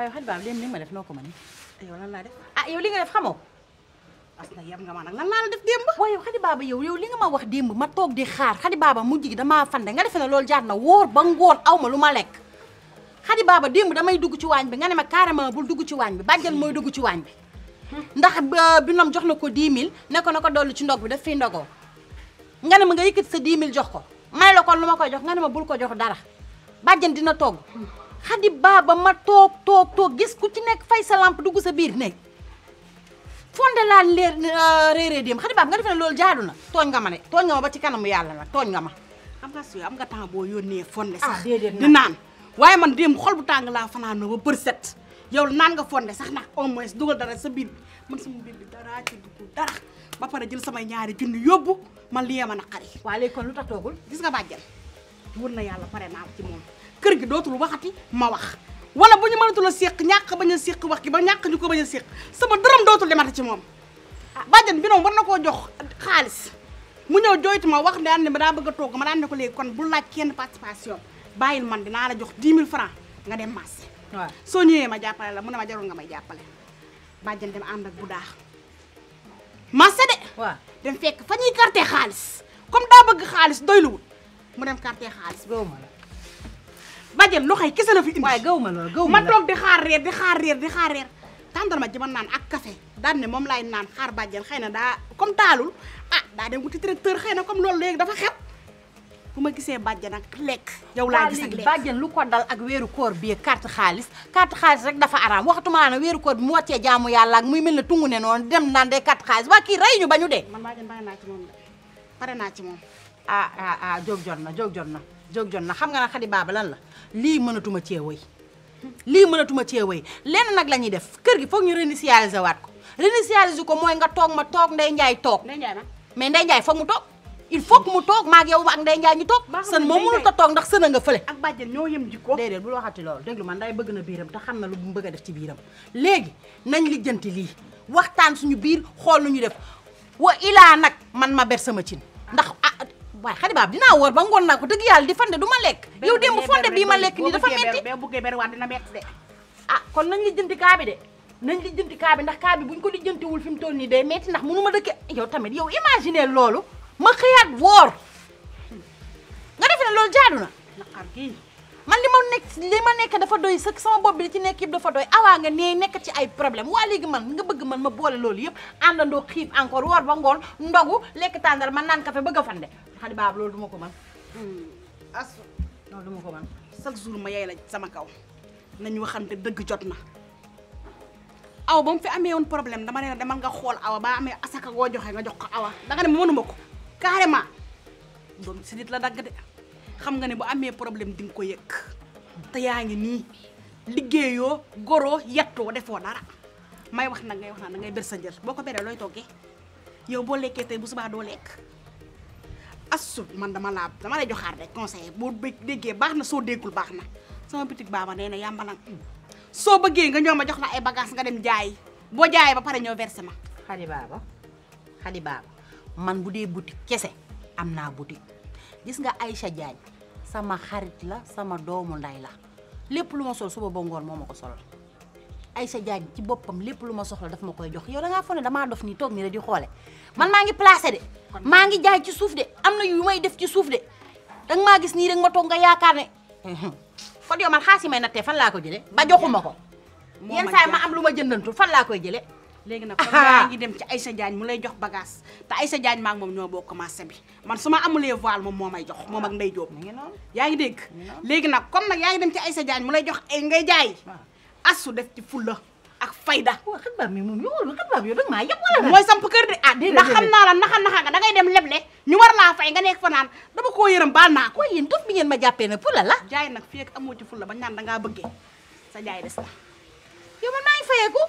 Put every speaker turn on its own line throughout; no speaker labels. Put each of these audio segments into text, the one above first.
waaye xaj baab léegi li ma def noo ko ma ni yow lan laa def ah yow li nga def xamoo parce na yab nga ma nag lan laa def démb waaye yow xadi baaba yow yow li nga ma wax démb ma toog di xaar xadi baaba mujj gi damaa de nga defe ne loolu jaar na wóor ba ngoon aw ma lu ma lekk xadi baaba démb damay dugg ci waañ bi nga ne ma carrément dugg ci waañ bi bàjjan mooy dugg ci waañ bi ndax bi nom jox na ko 10000 ne ko na ko dolli ci ndog bi daf fiy ndogoo nga ne ma nga yëkkati sa 10000 jox ko may la kon lu ma koy jox nga ne ma bul ko jox dara bàjjan dina togg xadi ba ma toog toog toog gis ku ci nekk fay sa làmp dugg sa biir nekk fonde laa leer euh, réerée dem xadi baaba nga defe ne loolu jaadu na tooñ nga ma ne tooñ nga ma ba ci kanamu yàlla la tooñ nga ma xam nga su am temps boo yónnee fonde sax ah, di naan waaye man dem xol bu tàng laa fanaan ba bër set yow naan nga fonde sax nag au moins dugal dara sa biir man sama biir bi dara ci dugg ba pare jël samay ñaari junni yóbbu man li yee ma naqari waaye léegi lu tax toogul gis nga bàjjal wër na yàlla pare naa ci moom kër gi dootul waxati ma wax wala bu ñu mënatul a séq ñàkk bañ a séq wax gi ba ñàkk ni ko bañ a séq sama dërëm dootul demati ci moom ah. bàjjan bi noonu ba na koo jox xaalis mu ñëw jooytu ma wax daan ne ma daa bëgg a togg ma daan ne ko léegi kon bu laaj kenn participation bàyyil man dinaa la jox 10 000 francs nga dem marché waaw soo ñëwee ma jàppale la mu ne ma jarul nga may jàppale bàjjan dem ànd ak bu daax marché de dem fekk fa ñuy carte xaalis comme daa bëgg xaalis doyluwul mu dem carte xaalis boobu ma la bàjjen loxo yi kese la fi indi. waaye gaw ma lool gaw ma toog di xaar reer di xaar reer di xaar reer. naan ak café daan ne moom laay naan xaar bàjjen xëy na daa comme taalul ah daa dem wuti tracteur xëy na comme léegi dafa xew. bu ma gisee bàjjen ak lekk. yow laa gis lu ko dal ak weeru koor bi carte xaalis carte xaalis rek dafa araam waxtuma na weeru koor bi mu yàlla ak muy mel ne tungu ne noonu dem naan day carte xaalis waa kii rey ñu ba dee. man bàjjen pare naa ci moom pare naa ci moom. ah ah ah na jóg na jóg jot na xam nga ne xadi baaba lan la lii mënatuma cee woy lii mënatuma cee woy lenn nag la ñuy def kër gi foog ñu réinitialiser waat ko réinitialiser ko mooy nga toog ma toog Ndeye toog. Ndeye Ndiaye ma mais Ndeye Ndiaye foog mu il faut que mu toog maag yow ak Ndeye Ndiaye toog. sën a toog ndax sën a nga fële. ak bàjjen ñoo yem jikko. déedéet bul waxati loolu déglu man day bëgg na biiram te xam na lu mu bëgg a def ci biiram léegi nañ lijjanti lii waxtaan suñu biir xool nu ñu def wa ilaa nag man ma ber sama cin ndax waaye xadi baab dinaa woor ba ngoon naa ko dëgg yàlla di fan fande du ma lekk dem démb fonde bii ma lekk nii dafa metti boo bëggee ber waat dina metti de ah kon nañ li jënti bi de nañ li jënti bi ndax kaa bi buñ ko li jëntiwul fi toll nii day metti ndax mënu ma dëkke yow tamit yow imaginer loolu ma xëyaat woor nga defe ne loolu jaadu na naqar man li ma nekk li ma nekk dafa doy sëkk sama bopp bi ci nekk yëpp dafa doy awaa nga nee nekk ci ay problème waa léegi man nga bëgg man ma boole loolu yëpp àndandoo xiif encore woor ba ngoon ndogu lekk tàndal man naan café bëgg a fande xadi loolu duma ko man loolu hmm. duma ko man chaque jour ma yey la sama kaw nañu waxante dëgg jot na aw mu fi amee woon problème dama ne la demal nga xool awa ba amee asaka goo joxe nga jox ko awa danga ne ma mënuma ko carrément doom si nit la dagg de xam nga ne bu amee problème di nga ko yëg te yaa ngi nii liggéeyoo goroo yettoo defoo dara may wax nag ngay wax naan da ngay ber sa njër boo ko beree looy toggee yow boo lekkee tey bu subaa doo lekk assu man dama laa dama lay joxaat rek conseiller boo déggee baax na soo déggul baax na sama boutique baaba nee na yàmbalang mm. soo bëggee nga ñëw ma jox la ay bagage nga dem jaay boo jaayee ba pare ñëw versé ma. xadi baaba xadi baaba man bu dee boutique kese am naa boutique gis nga Aïcha Diagne sama xarit la sama doomu ndey la lépp lu ma sol suba ba ngoon moo ma ko solal Aïcha Diagne ci boppam lépp lu ma soxla daf ma koy jox yow da ngaa foog ne damaa dof nii toog di xoole
man maa ngi placé de maa ngi
jaay ci suuf de am na yu may def ci suuf de danga maa gis nii rek ma toog nga yaakaar ne kon yow man xaas yi may nattee fan laa ko jëlee ba joxuma ko yenn saa yi ma am lu ma jëndantul fan laa koy jëlee léegi nag ngi dem ci Aïssa Diagne mu lay jox bagage te Aïssa sa maa ngi moom ñoo boo commencé bi man su ma amulee voile moom moo may jox moom ak Ndey Jóob yaa ngi dégg léegi nag comme nag yaa ngi dem ci ay sa Diagne mu lay jox ay ngay jaay asu def ci fulla ak fayda. waaw xabaar mi moom yow xabaar kër de ah ndax xam naa la naxa naxa dem leble ñu war laa fay nga nekk fa naan koo yërëm baal naa ko. waaye ma jàppee nag fulla la. jaay nag fii ak amoo ci fulla ba ñaan sa jaay des na. yow man maa ngi fayeeku.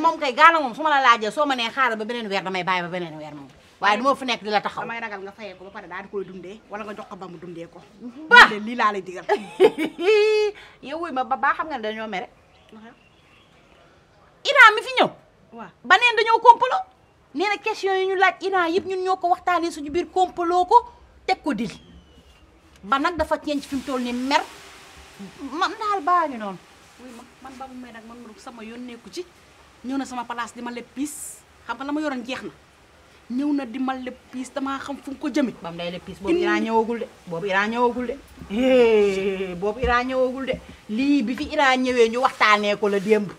moom kay gaana ma la laajee ba beneen weer damay bàyyi ba beneen weer moom. waaye du ma fi nekk ragal nga fayee ko ba pare daal di koy dundee wala nga jox ko ba mu dundee ko. ba lii laa lay digal. yow wuy ma ba baa xam nga ne dañoo mere Iran mi fi ñëw. waaw ba neen dañoo complot nee question yi ñu laaj Iran yëpp ñun ñoo ko waxtaanee suñu biir complot ko teg ko dil ba nag dafa ceeñ fi mu toll ni mer man daal baa ngi noonu. man ba mu may nag man ma sama yoon nekku ci ñëw na sama place di ma leb piis xam nga la ma yoroon jeex na. ñëw na di mal lépp piis damaa xam fu mu ko jëmee. bam day lépp piis boobu Iran ñëwagul de. boobu Iran ñëwagul de. boobu Iran ñëwagul de lii bi fi Iran ñëwee ñu waxtaanee ko la démb.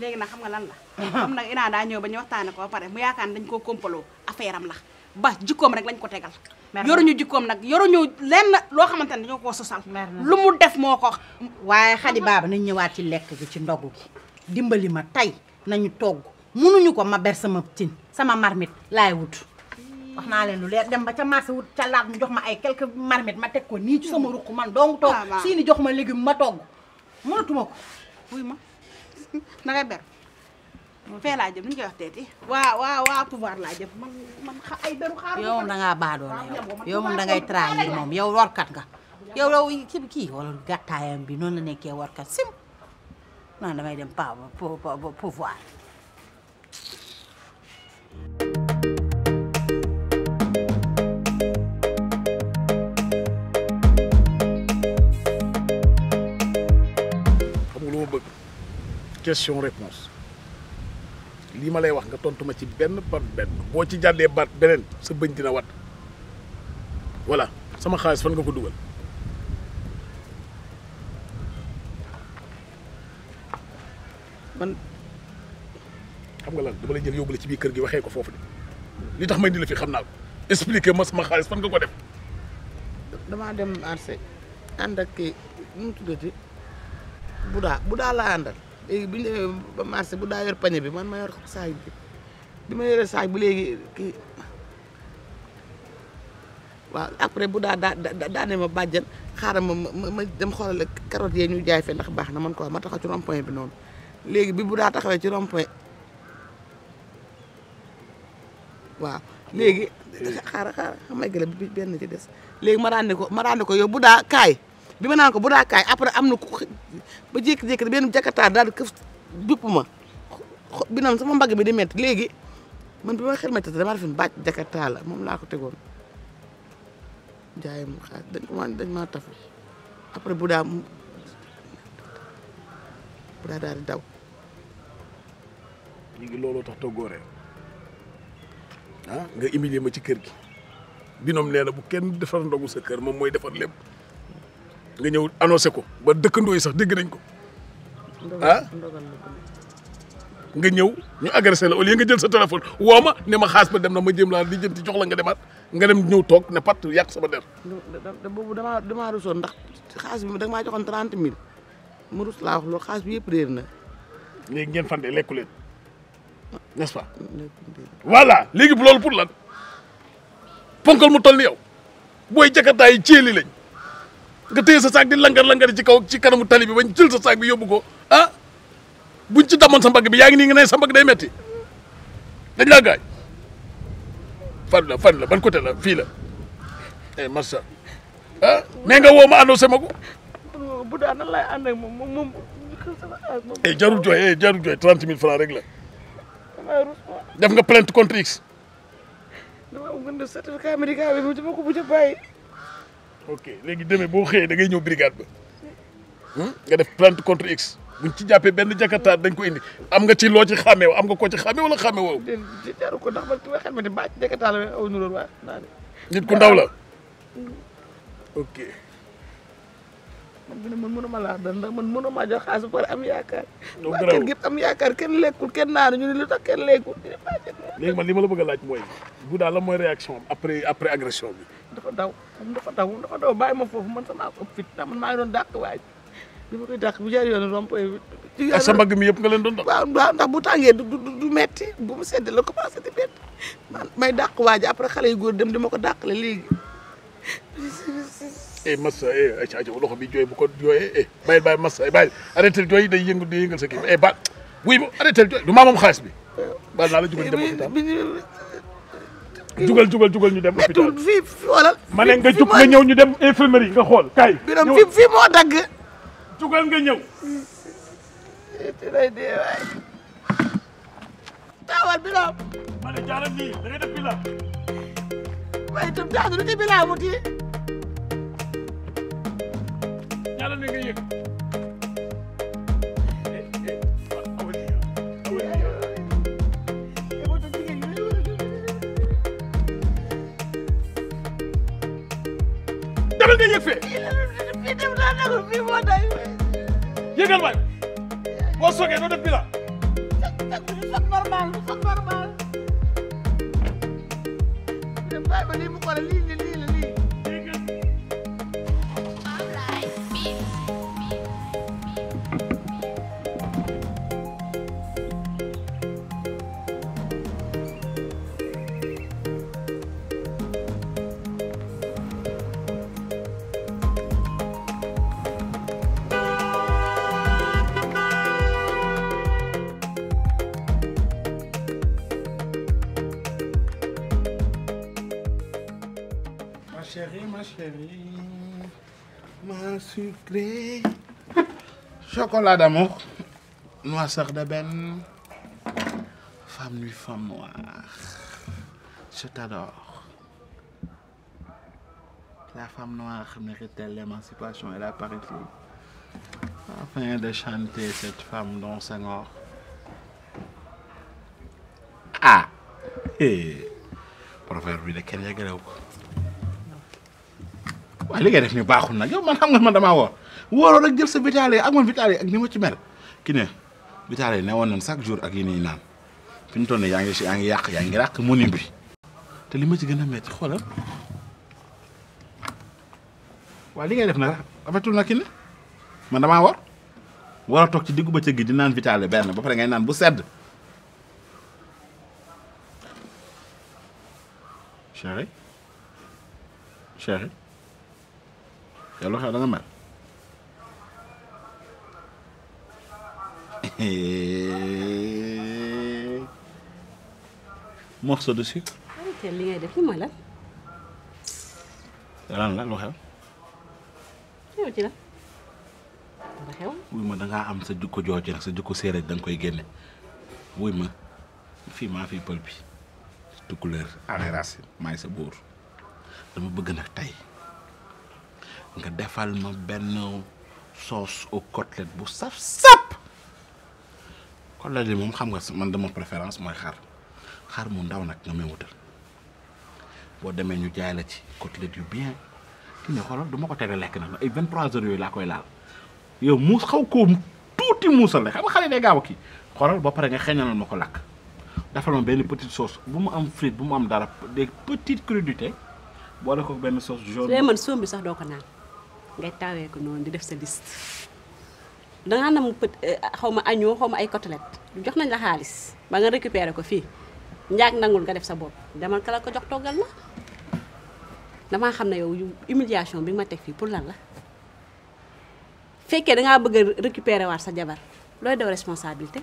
léegi nag xam nga lan la. xam nag Iran daa ñëw ba ñu waxtaanee ko ba pare mu yaakaar dañ koo kompaloo affaire am la ba jikkoom rek lañ ko tegal. ñu jikkoom nag yoruñu lenn loo xamante ne dañoo koo sosal. lu mu def moo ko. waaye xadi baaba nañ ñëwaat ci lekk gi ci ndogu gi dimbali ma tey nañu togg munuñu ko ma ber sama tin sama marmit laay wut naa leen lu leer dem ba ca marché wut ca laat mu jox ma ay quelques marmite ma teg ko nii ci sama ruq man dong toog siini jox ma légume ma togg mënatuma ko wuy ma na ngay ni koy wax teeti waa ay beru xaar yow moom dangaa baadoo la yow yow moom warkat nga yow yow ki kii wala gàttaayam bi noonu la nekkee warkat sim non damay dem pa pouvoir
question réponse lii ma lay wax nga tontuma ci benn par benn boo ci jàddee baat beneen sa bëñ dina wat voilà sama xaalis fan nga ko dugal man xam nga lan dama lay jël yóbbu ci biir kër gi waxee ko foofu de li tax may di la fi xam naa ko expliquer ma sama xaalis fan nga ko def
damaa dem marché ànd ak kii nu bu daa bu daa laa àndal léegi bu ñu demee bu daa yor pañe bi man ma yor saag bi ma yor saag bi léegi kii waaw après bu daa daa daa ne ma bàjjan xaaral ma ma ma dem xoolal carottes yee ñu jaay fe ndax baax na man quoi ma taxaw ci rond-point bi noonu léegi bi bu daa taxawee ci rond-point waaw léegi xaaral xaaral xam nga gën a benn ci des léegi ma daan ko ma daan ne ko yow bu daa kaay. bi ma naan ko bu daa kaay après am na ku ba jékki-jékki benn jakarta daal di këf dupp ma bi sama mbagg mi di métti léegi man bi ma xel métti damaa defoon bàcc jakarta la moom laa ko ma dañ ma dañ après bu daa bu daa daal
di looloo tax toggooree ah nga humilier ma ci kër gi binom nee na bu kenn defar ndogu sa kër moom mooy defar lépp. nga ñëw annoncé ko ba dëkkandoo yi sax dégg nañ ko ah nga ñëw ñu agressé la au lieu nga jël sa téléphone woo ma ne ma xaas ba dem na ma jëm laa di jëm ci jox la nga demaat nga dem ñëw toog ne pat yàq sama der.
boobu damaa damaa rusoon ndax xaas bi danga joxoon trente mille mu rus laa wax loolu xaas bi yëpp réer na. léegi ngeen fan fande lekku leen n'est-ce pas.
voilà léegi bu loolu pour lan ponkal mu toll ni yow booy jakartaay ceeli lañ. nga téye sa saak di langar-langar ci kaw ci kanamu tali bi bañ jël sa saak bi yóbbu ko ah buñ ci damoon sa mbagg bi yaa ngi nii nga ne sa mbagg day metti dañ laa gaañ fan la fan la ban côté la fii la eh marsa ah, nga woo ma annoncé ma ko
bu daan nan laay ànd ak moom moom
eh jarul jooy eh, mille francs rek la def nga plainte contre ok léegi demee boo xëyee da ngay ñëw brigade ba hmm? nga def plainte contre x buñ ci jàppee benn jakartaal dañ ko indi am nga ci loo ci xàmmee am nga koo ci xàmmee wala xàmmee woo. déedéet jaru
ko ndax man tuuti xel ma la aw nu loolu waaye nit ku ndaw la hmm. ma man mënuma laa dal ndax man mënuma jox xaalis ba pare am yaakaar. loolu garaawul waa kër gi am yaakaar kenn lekkul kenn naanu ñu ne lu tax kenn lekkul. léegi
man li ma la bëgg a laaj mooy. bu daala mooy réaction après après agression bi. dafa daw moom dafa daw moom
dafa daw bàyyi ma foofu man sama ëpp fit man maa ngi doon dàq waay bi ma bu jaar yoon romp. sa mbagg mi yëpp nga leen doon dàq. waaw waaw ndax bu tàngee du du du metti bu mu sedd la commencé di metti man may dàq waay ji après xale yu góor dem di ma ko dàqale léegi
eh Massa eh ayca eh, ayca loxo bi jooy bu ko jooyee eh bàyyil bàyyil Massa eh, bàyyil arrêté jooy day yëngu day yëngal sa kii eh ba wuy ma arrêté jooy du maa moom xaalis bi. baal naa la jugal dem hôpital jugal jugal ñu dem hôpital
fii xoolal ma ne nga jug nga ñëw ñu
dem infirmerie nga xool kay biram fi
fii moo dagg jugal nga ñëw lay dee waay taawal bilaam ma da ngay def bilaam waaye itam daanu lu yàlla na nga yëg
demal nga yëg fee yëgal waay boo soogee doo def bi
la normal normal
sucré chocolat d'amour noix sœur d'ébène femme nuit femme noire je t'adore la femme noire mérite-t-elle l'émancipation et la parité afin de chanter cette femme dont Senghor ah eh proverbe bi de kenn yeggalewu ko waaye li ngay def ni baaxul nag yow man xam nga man damaa woor wóoroo rek jël sa vitale ak man vitale ak ni ma ci mel ki ne vitale ne woon nañ chaque jour ak yi nii naan fi ñu toll nii yaa ngi si yaa ngi yàq yaa ngi ràq mënuñ bi te li ma ci gën a métti xoolal waaye li ngay def nag rafetul na ki ne man damaa woor war a toog ci diggu bëccëg gi di naan vitale benn ba pare ngay naan bu sedd. chéri chéri yow loo xam da nga mer morceau de sucre.
arrêté li ngay def li mooy lan. lan la lu xew. xew ci la. lu xew.
wuy ma da ngaa am sa jukko jooju nag sa jukko séeréer da nga koy génne wuy ma fii maa fi pël bi. tukkuleer arrêté racine maay sa buur dama bëgg nag tey. nga defal ma benn sauce aux côtelettes bu saf sap côtelette moom xam nga man dama préférence mooy xar xar mu ndaw nag nga may wutal boo demee ñu jaay la ci côtelette yu bien kii ne xoolal du ko tere lekk na ay 23 heures yooyu laa koy laal yow mu xaw koo tuuti muusal rek xam nga xale day gaaw a kii xoolal ba pare nga xeeñalal ma ko lakk defal ma benn petite sauce bu mu am frite bu mu am dara des petites crudités boole ko benn sauce jaune. man
ngay taawee ko noonu di def sa liste dangaa nam pët eh, xaw ma añoo xaw ma ay côtelette jox nañ la xaalis ba nga récupérer ko fii njaag nangul nga def sa bopp demal ka ko jox toggal la dama xam ne yow humiliation bi ma teg fii pour lan la fekkee dangaa bëgg a waat sa jabar looy daw responsabilité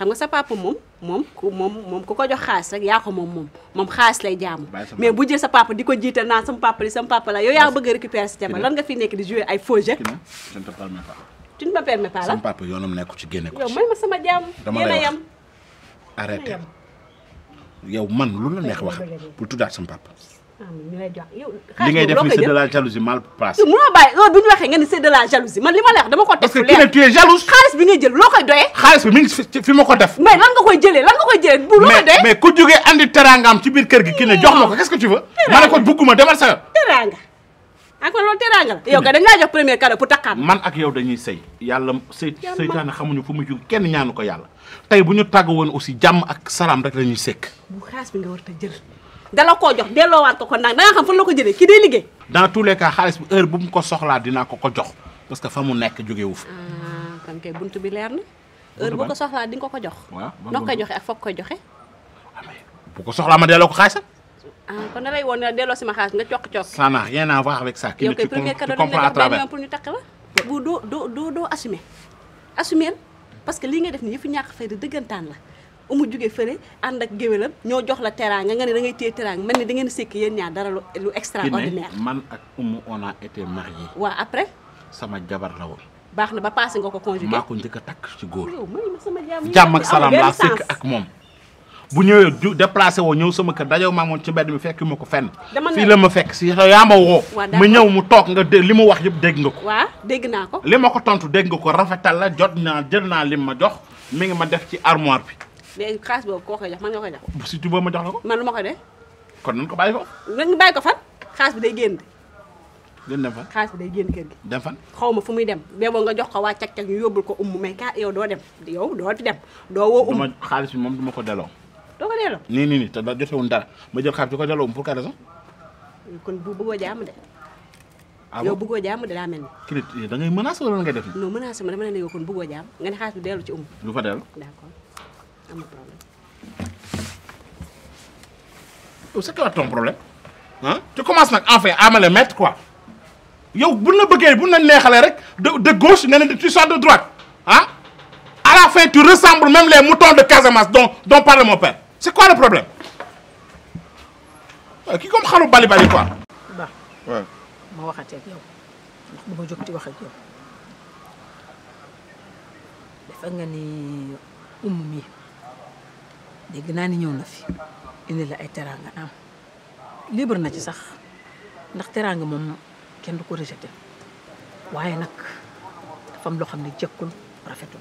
xam nga sa papa moom moom ku moom moom ku ko jox xaalis rek yaa ko moom moom moom xaalis lay jaamu mais bu jël sa papa di ko jiital naan sama papa li sama papa la yow yaa bëgg a récupérer sa jabar lan nga fi nekk di jouer ay faux jeu tu ne me permets la sama
papa yoonam nekku ci génne ko yow may
ma sama jaam dama lay wax
arrêté yow man lu la neex wax pour tuddaat sama papa
Ah, ñu lay li ngay def ni c'est de la
jalousie mal placée.
mënoo bàyyi loolu bu ñu waxee nga ni c'est de la jalousie man li ma la wax dama ko def. parce que tu es xaalis
bi ngay jël loo koy doyee. xaalis bi mi fi ma ko def. mais lan nga koy jëlee lan nga koy jëlee. bu loo doyee gi. jox ma ko qu'est-ce que tu veux. ma ne ko bugguma demal sa.
teraanga encore ah, loolu teraanga la. yow kay dañ laa jox
premier cadeau pour takkaat. man ak yow dañuy sëy yàlla sëy xamuñu fu mu jóg kenn ñaanu ko yàlla tey bu ñu tàgg woon aussi jàmm ak salaam rek lañuy sekk
bu xaalis nga war a jël dala koo jox delloowaat ko ko nag da nga xam fan la ko jëlee kii day liggéey.
dans tous les cas xaalis bi heure bu mu ko soxlaa dinaa ko ko jox parce que fa mu nekk jóge wu fa. Ah,
kon bi leer na. heure bu ko soxlaa di nga ko ko jox. waaw noo koy joxe ak foog joxe.
Ah, bu ko soxlaa ma delloo ko xaalisam.
ah kon da lay woon ne delloo ma xaalis nga cokk cokk. ça
n'a rien à voir avec ça. kii tu comprends à travers yow kay premier cadeau pour
ñu takk la. bu doo doo doo assumer assumer parce que lii nga def nii yëfu ñàkk fay dëggantaan la ma jóge fële ànd ak géwélam ñoo jox la teraanga nga ne da ngay téye teraanga mel da ngeen sékk yéen ñaar dara lu extraordinaire
man ak umu on a été mariés waaw sama jabar la woon
baax na ba passé nga ko conjugué maa
njëkk a takk ci góor
jàmm ak salaam laa sékk ak
moom bu ñëwee ju déplacé woo ñëw sama kër dajew maamoon moom ci mbedd mi fekk ma ko fenn fii la ma fekk si yaa ma woo ma ñëw mu toog nga dé li mu wax yëpp dégg nga ko waaw dégg naa ko li ma ko tontu dégg nga ko rafetal la jot naa jël naa lim ma jox mi ngi ma def ci armoire bi
mais xaalis boobu koo koy man nga koy
jox. la ko. man lu ma koy def. kon nañu ko bàyyi ko.
nañu bi day génn. leen dem fan xaalis bi day génn kër dem fan xaw ma fu muy dem bee boo nga jox ko waa cag cag ko ummu mais ka yow doo dem yow doo fi dem
doo woo. ummu bi moom du ma ko delloo. doo ko delloo. nii nii dara ma jël xaalis bi ko delloo um pour quelle raison.
kon bu bëggoo jàmm de. ah yow bëggoo jàmm de daa mel ni.
crit eh, da ngay menace wala nga def. non
menace ma dama ne la yow kon bëggoo jàmm nga ne xaalis bi dellu ci ummu. du fa dellu amul
problème. tu commences nag enfin à me le mettre yow bu la bëggee bu la neexalee rek de gauche nga ne tu de droite ah la fin tu ressembles même les moutons de Casamance dont dont parle mon c'est quoi le problème waaw kii comme xalu bali bali quoi.
ma
waxatee yow ma jóg di yow dégg naa ni ñëw na fi indi la ay teraanga am libre na ci sax ndax teraanga moom kenn du ko rejeté waaye nag dafa am loo xam ne jëkkul rafetul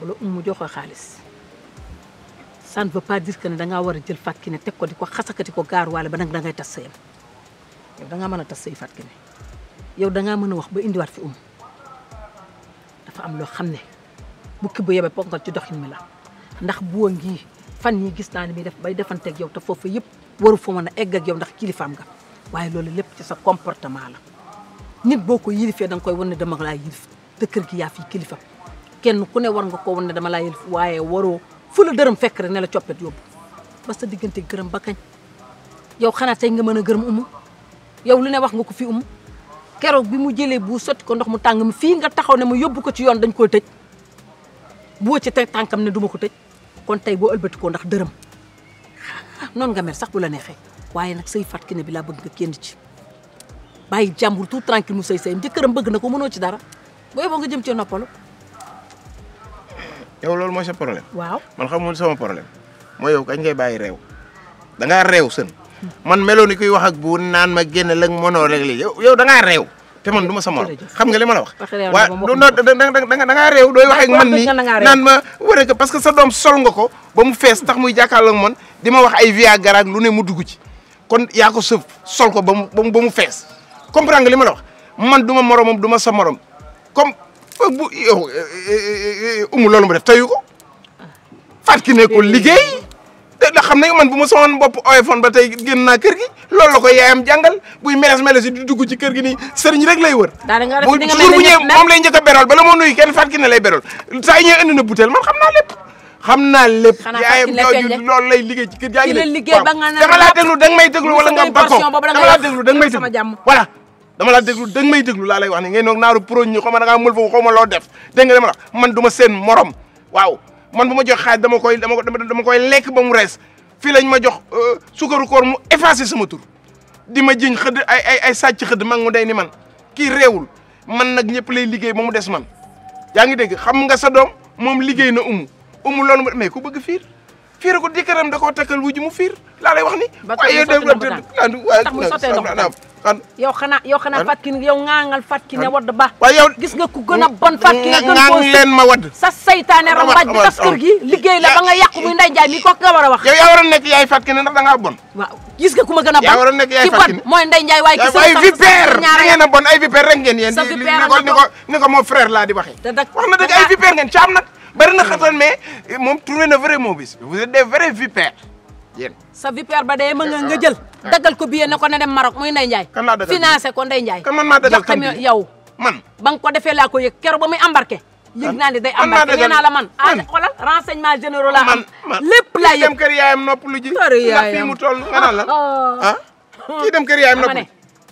wala mu joxoo xaalis ça ne veut pas dire que ne dangaa war a jël fàkki ne teg ko di ko xasakati ko gaar waale ba nag dangay tas sëyam yow dangaa mën a tas sëy fàkki ne yow dangaa mën a wax ba indiwaat fi um dafa am loo xam ne bukki bu yebe ponkal ci doxin mi la ndax buwa ngi fan yi gis naa ne muy def bay defanteeg yow te foofu yëpp waru fa mën a egg ak yow ndax kilifaam nga waaye loolu lépp ci sa la nit boo ko yilifee da nga koy wan ne dama laa yilif te kër gi yaa fi kilifa kenn ku ne war nga ko wan ne dama laa yilif waaye waroo fu la dërëm fekk rek ne la coppet yóbbu ba sa diggante gërëm ba kañ yow xanaa tey nga mën a gërëm umu yow lu ne wax nga ko fi umu keroog bi mu jëlee bu sotti ko ndox mu tàng mi fii nga taxaw ne mu yóbbu ko ci yoon dañ koy tëj bu ci teg tànkam ne duma ko tëj kon tey boo ëlbatikoo ndax dërëm noonu nga mel sax bu la waaye nag sëy Fatou Kiné bi laa bëgg nga kenn ci bàyyi jàmbur tout tranquille mu sëy sëy jëkkëram bëgg na ko mënoo ci dara booy boo nga jëm ci noppalu.
yow loolu mooy sa problème. waaw man xamul sama mooy yow kañ ngay bàyyi réew danga ngaa réew sën. man meloon ni kuy wax ak bu naan ma génn lëg mënoo rek lii yow yow da ngaa réew. te man duma ma sa morom xam nga li wax waa non da nga da ngaa réew dooy wax ak man nii naan ma war que parce que sa doom sol nga ko ba mu fees tax muy jàkkaarloo man di ma wax ay viagra ak lu ne mu dugg ci kon yaa ko sëf sol ko ba mu ba mu fees comprendre nga li ma la wax man du ma moromam du ma sa morom comme euh, bu yow euh, euh, umu loolu mu def fat ki ko liggéey te xam nañu man bu ma soxoon bopp oyofoon ba tey génn naa kër gi yaayam jàngal buy meles meles di dugg ci kër gi nii sëriñ rek lay wër.
bu jour bu ñëwee moom
lay njëkk a beral bala moo nuyu kenn fàttali ne lay beral saa yi ñëw na butéel man xam naa lépp. xam naa lépp lay liggéey ci kër yaa ngi ne dama laa déglu danga may déglu wala nga bakko dama laa déglu lay wax ne ngay noog naaru ñi xaw ma da ngaa mël foofu ma loo def dégg nga la man du ma seen morom waaw man bu ma jox xaalis dama koy dama dama koy lekk ba mu rees fii lañ ma jox euh, sukaru koor mu effacé sama tur di ma jiñ xëdd ay ay ay sàcc xëdd mag mu day ni man kii réewul man nag ñëpp lay liggéey ba mu des man yaa ngi dégg xam nga sa doom moom liggéey na umu umu loolu mais ku bëgg fiir fiir ko jëkkëram da koo takkal wuju mu fiir laa lay wax ni. ba tey mu sottee ndox mu
tànn yow xanaa yow xanaa Fatou Kiné yow ŋaangal Fatou Kiné wadd ba. waaye yow gis nga ku gën a bon Fatou ma
wadd sa saytaane rambaaj bi tas kër gi liggéey la ba nga yàqu muy Ndeye mi kooku nga war a wax. yow yaa war a nekk yaay Fatou Kiné da ngaa bon. waaw gis nga ku ma gën a bon yaa war a nekk yaay Fatou Kiné ki bon mooy Ndeye Ndiaye waaye. ki sa ay a ay vipère rek ngeen yéen. sa ko ni ko ni ko moo frère laa di ay vipère ngeen caam nag bari na xasan mais moom trouvé na vrai mot bi vous êtes des vrais vipères yéen. sa vipère ba dee ma nga nga jël. daggal ko billet ne ko na dem Maroc muy Ndeye Ndiaye. kan
laa dagal financé ko Ndeye Ndiaye. kan man maa dagal tam bi yow. man ba nga ko defee laa ko yëg keroog ba muy embarqué. yëg naa ne day embarqué nee naa la man. ah xoolal renseignement généraux laa am. lépp laa yëg dem kër
yaayam nopp lu ji. mu toll nga naan la ah. kii dem kër yaayam nopp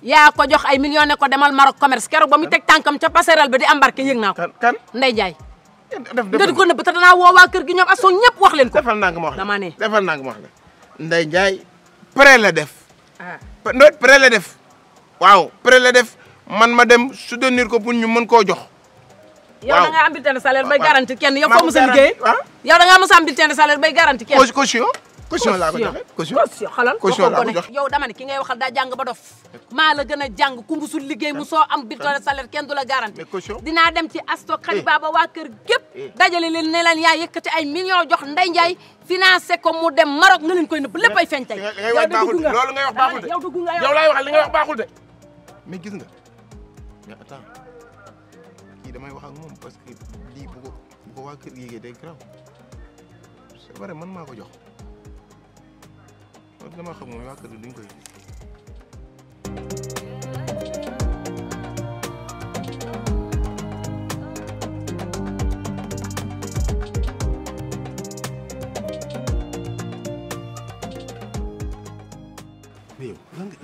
yaa ko jox ay millions ne ko demal Maroc commerce keroog ba muy teg tànkam ca passerelle bi di embarqué yëg naa ko. kan Ndeye Ndiaye
def ko nëbb te danaa woo waa gi ñoom asoon ñëpp wax leen ko. defal naa ma wax dama ne defal naa la. Ndeye Ndiaye pré la def. ah ndoy pré la def. waaw pré la def man ma dem soutenir ko pour ñu mën koo jox. yow da ngaa
am bulletin de salaire bay garanti kenn yow foo mos a liggéey. Ah? yow da ngaa mos a am bulletin de salaire bay garanti kenn. caution
caution laa ko joxe caution xalal caution laa ko joxe
yow dama ne ki ngay waxal daa jàng la gën a jàng ku musul liggéey mu soo am bulletin de salaire kenn du la garanti dinaa dem ci asto xaj baaba waa kër dajale leen ne leen yaa yëkkati ay millions jox Ndeye Ndiaye financé ko mu dem Maroc nga leen koy nëbb léppay feeñ tey. yow dugg nga loolu ngay wax baaxul de
li baaxul de.
mais gis nga mais attends kii damay wax ak moom parce que lii bu ko bu ko waa kër yéegee man maa ko jox loolu dama xam moom waa kër gi duñ koy.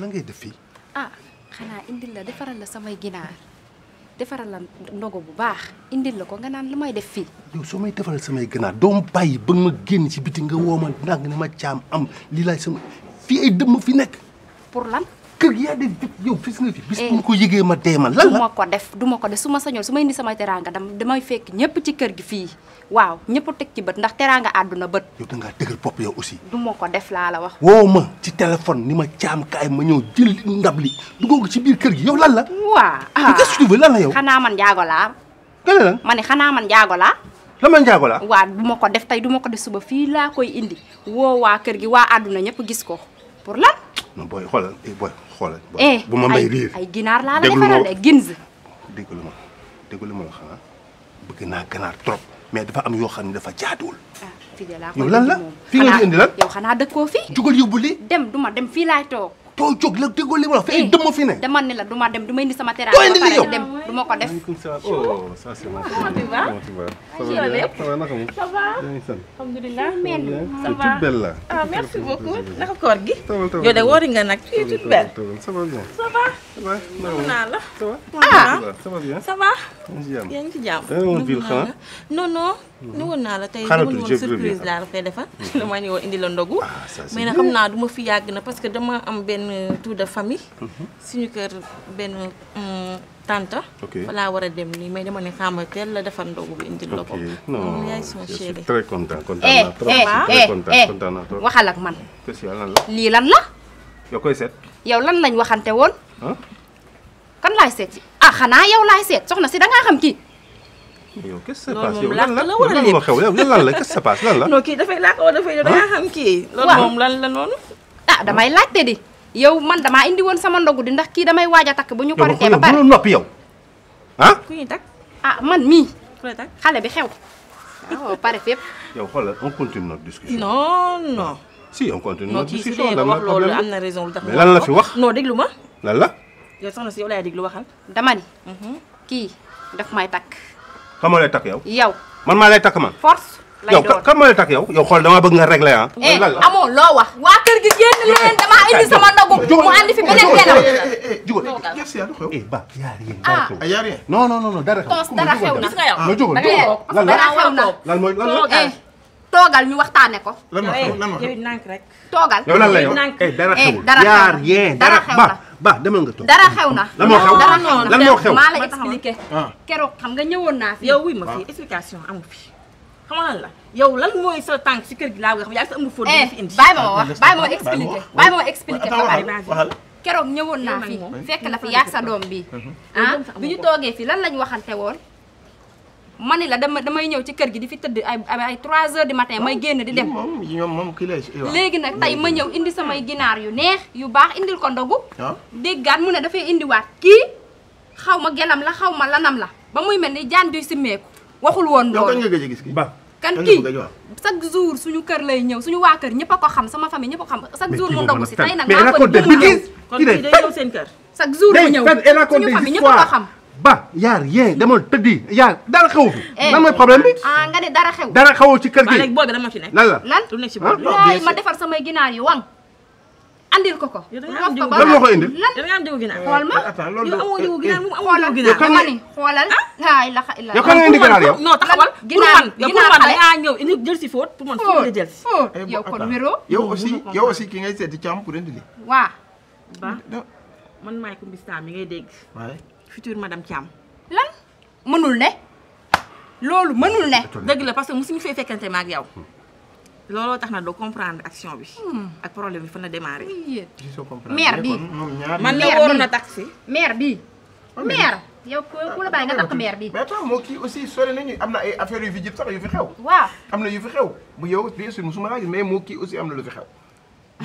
lan ngay def fii.
ah xanaa indil la defaral la samay ginaar defaral la ndogu bu baax indil la ko nga naan lu may def fi
yow soo may defaral samay ginaar doomu bàyyi ba ma génn ci biti nga woo ma ndànk ne ma caam am lii laay sama fii ay dëmm fi nekk. pour lan. kër gi yaa de yow fis nga fi. bis bu ñu eh. ko yëgee ma dee lan la. du ma
ko def du ko def su ma su ma indi sama teraanga dam damay fekk ñëpp ci kër gi fii waaw ñëpp teg ci bët ndax teraanga àdduna bët.
yow yow aussi.
du ma ko def laa la wax.
woo ma ci téléphone ni ma caam kaay ma ñëw jël li duggoo ci biir kër gi yow lan la. waaw ah quest man njaago laa. gën
ma ne xanaa man njaago laa.
la man njaago laa.
waaw du ma ko def tey duma ko def suba fii laa koy indi woo waa kër gi waa àdduna ñëpp gis ko pour lan
non booy xoolal eh, booy xoolal. Eh, bu ma may riir ay
ginaar laa lay faral de ginz.
déglu ma déglu ma la xanaa ah. bëgg naa ganaar trop mais dafa am yoo xam ne dafa jaaduwul. ah
fii de laa ko lan la fi nga indi lan. yow xanaa ko fi. jugal yóbbu li dem duma dem fii laay toog. doo jóg la déggoo li ma la wax eh, fi ay dama ne la du dem du ma indi sama terrain. doo indi li yow dem du ma ko def. Oh,
oh ça c'est bon.
alhamdulilah. ah merci beaucoup. naka koor gi. yow de wóor nga nag.
ça va.
waaw mën naa la. ah ça va.
yaa ngi ci jàmm.
non non. ni woon naa la tey dama surprise laa la koy defal. dama ñëw indi la ndogu. mais nag xam naa du ma fi yàgg na parce que dama am benn tour de famille. suñu kër benn tante. ok balaa war a dem nii mais dama ne xam teel la defal
ndogu bi indi la ko. ok non yaay sama chérie.
waxal ak man. lii lan la. yow lan lañ waxante woon. kan laay seet si ah xanaa yow laay seet soxna si da xam kii. yow qu'est-ce qui se passe yow lan la lan la qu'est-ce la. non kii dafay làkk wala dafay da ngaa xam moom lan la noonu. ah damay laajte di yow man damaa indi woon sama ndogu di ndax kii damay waaj a takk bu ñu. korité ba pare yow
noppi ah.
ku ñuy takk ah man mii. xale bi xew. Ah, waaw pare fépp.
yow xoolal on continue notre discussion.
non non.
si on continue notre discussion lan la loolu am na raison lu tax lan la fi wax non déglu ma lan la
yow soxna si yow laay déglu waxal dama ni kii daf may takk kan moo lay takk yow yow man maa lay takk man force yow
kan moo lay yow yow xool dama bëgg nga régler ah
amoo loo wax waa kër gi génn leen dama indi sama ndogum mu andi fi beneen benam
jugo ba yaa rien dara xew yaa rien non non non dara xew dara xew gis nga yow dara xew na lan mooy lan
toogal ñu waxtaane ko. lan ma xew ma xew rek. toogal yow lan la yow eh, dara eh, xew dara xew
dara xew na ba demal nga toog dara xew na. lan moo xew dara xew na lan moo xew
ah. xam nga ñëwoon naa yow wuy ma fi explication amu fi. xam nga la yow lan mooy sa tànk si kër gi laa wax yaa ngi sa ëmb fóot bi fi indi. Eh, bàyyi ma wax bàyyi ma ma expliqué waxal keroog ñëwoon naa fi fekk la fi yaa sa doom bi mhm. ah bi ñu toogee fi lan lañ waxante woon man ni la dama damay ñëw ci kër gi di fi tëdd ay ay 3 heures du matin may génn di dem
moom ñoom moom kii lay léegi nag tey ma
ñëw indi samay ginaar yu neex yu baax indil ko ndogu ah. déggaat mu ne dafay indiwaat kii xaw ma gelam la xaw ma lanam la ba muy mel ni jaan duy simmeeku
waxul woon loolu nga gëj a gis kii ba kan kii
chaque jour suñu kër lay ñëw suñu waa kër ñëpp a ko xam sama famille ñëpp a ko xam chaque jour mu ndog si tey nag maa ko kon kii ñëw seen kër chaque jour mu a ko xam
ba yaar yee demoon tëddi yaar dara xewu fi. Eh, lan mooy problème bi.
ah nga ne dara xew. dara xewu ci kër gi. léegi boobu dama fi nekk. lan la lan lu nekk si boobu. laay ma defar samay ginaar yi wang. andil ko ko. wax ko ba lan moo ko indil. lan da nga am diwu ginaar. xool ma
yow amoo diwu ginaar moom amoo eh, diwu eh, ginaar. dama ni
xoolal. ah ilaha illa yow kan nga indi ginaar yow. non taxawal pour man pour man yaa ñëw indi jël si fóot pour man fóot la jël si. fóot yow kon wéroo. yow aussi yow aussi
ki ngay seeti càmm pour indi li.
waa. ba man maay ko mbistaa mi ngay dégg. waaye future madame Thiam. lan mënul ne. loolu mënul ne. dëgg la parce que musuñu fee fekkante ma ak yow. Hmm. looloo tax na doo comprendre action bi. Hmm. ak problème bi fan la démarré.
bi man la waroon a
taxi. mère bi
oh, mère. yow ku la bàyyi nga ah, takk mère bi. mais
attends moo kii aussi sori nañu am na ay affaires yu fi am na yu fi xew bu yow bien sûr musuma laaj mais moo kii aussi am lu fi xew.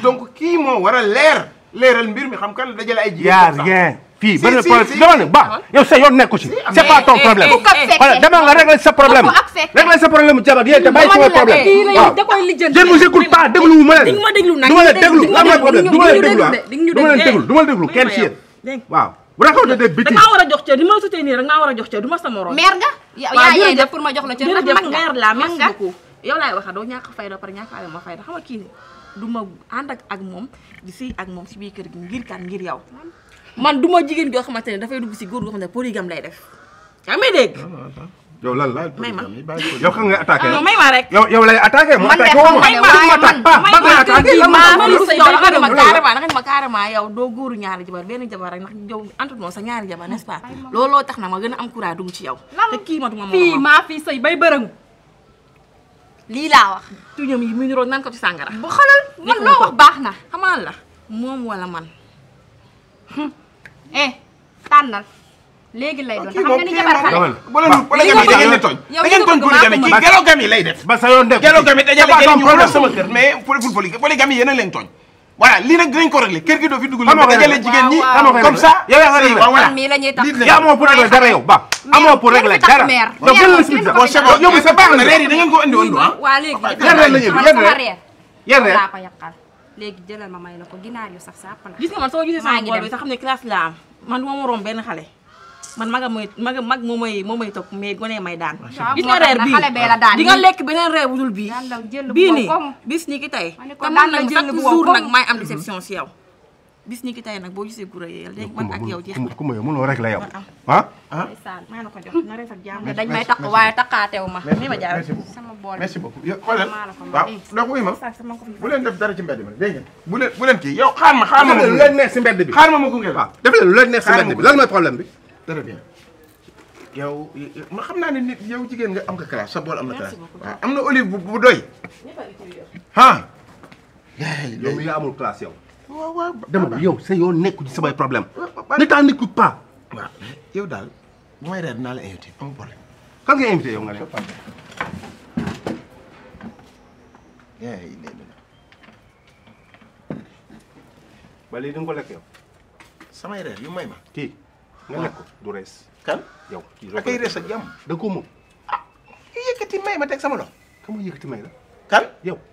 donc kii moo war a leer leeral mbir mi xam kan la dajale ay. jigéen fii benn problème dama ne ba yow sa yoon nekku ci c'est pas ton e, problème voilà e, e. dama nga régler sa problème régler sa problème jabar yéen te bàyyi sama problème waaw je ne vous écoute pas déglu ma leen du ma leen déglu la ma problème du ma leen déglu ah du ma leen déglu du ma leen déglu kenn ci yéen waaw bu raxoon de biti
dama war a jox cër ni ma sutee nii rek maa war a jox cër du ma sama morom mère nga yaa yee def pour ma jox la cër nag mag mère la merci beaucoup yow laay waxa doo ñàkk fayda par ñàkk ale ma fayda xam nga kii ne du ma ànd ak ak moom di sëy ak moom si biir kër gi ngir kan ngir yow man du ma jigéen joo xamante ne dafay dugg si góor goo xam ne polygame lay def yaa ngi may dégg.
yow lan la may ma yow xam nga attaqué la ah, may ma rek yow lay attaqué mu attaqué woo ma ma carrément naka
ma carrément yow doo góoru ñaari jabar benn jabar rek ndax yow entretien sa ñaari jabar n'est-ce pas looloo tax na ma gën a am courage dugg ci yow te kii ma duma fii maa fii sëy bay bërëngu lii laa wax tuñam yi mu niroo nan ko ci sàngara bu xolal man loo wax baax na xamal la moom wala man eh tànnal léegi lay doon ah, xam nga ni jabar xale. yow li nga bëgg gelo
gami lay def. ba sa yoon def gelo gami dajale gën ñu problème sama kër mais polygami yéen a leen tooñ. voilà lii nag dinañ ko réglé kër gi doo fi dugg. xam nga dajale jigéen ñi comme ça. yow yaa ngi lay yow amoo pour régler dara yow ba. amoo pour régler dara. donc gën la suite bon c'est bon yow bi sa baax na reer yi da ngeen ko andi woon. waaw
léegi yéen reer la ñuy yéen reer
yéen reer
léegi jëlal ma may la ko ginaar yu saf sàpp la. gis nga man soo gisee sama bool bi sax xam ne classe la am man du ma moroom benn xale. man maga mooy maga mag moo may moo may topp mais gone may daan gis nga reer bii di nga lekk beneen reer bu dul bii bii nii bis ni ki tey te man nag chaque jour nag may am mhm. déception si yow bis ni ki tey nag boo gisee ku rëy yow léegi man ak yow jeex na ku ma yow mënoo rek la yow ah
ah, ah?
ah? maa na ko jox na ref ak jàmm dañ may takk waaye takkaatew ma mi ma jaar sama bool merci beaucoup yow xoolal waaw donc uy ma bu leen
def dara ci mbedd mi dégg ngeen bu leen bu leen kii yow xaar ma xaar ma lu leen neex si mbedd bi xaar ma ma gunge waaw def leen lu leen neex si mbedd bi lan mooy problème bi très bien yow ma xam naa ne nit yow jigéen nga am nga classe sa bool am na classe waaw am na olive bu doy ah yow mi nga amul classe yow waaw waaw dama yow sa yoo nekku ci samay problème ne t'en écoute pas. yow daal bu may reer dinaa la invité amul problème. kan nga invité yow nga ne. Eh, ko kii nga lekk ko du rees. kan yow ak ay rees ak jàmm. da ko moom. ah yëkkati ma teg sama do ka ma yëkkati may la. kan yow.